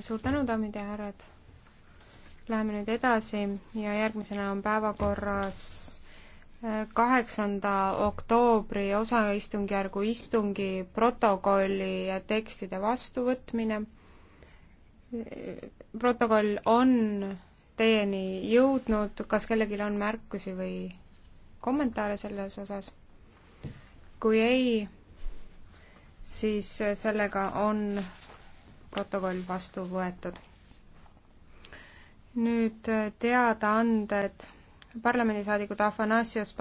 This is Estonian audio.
suur tänu, daamid ja härrad. Läheme nüüd edasi ja järgmisena on päevakorras äh, kaheksanda oktoobri osaistungjärgu istungi protokolli ja tekstide vastuvõtmine. Äh, protokoll on teieni jõudnud, kas kellelgi on märkusi või kommentaare selles osas? kui ei, siis sellega on protokoll vastu võetud. nüüd teadaanded parlamendisaadikud Afanasios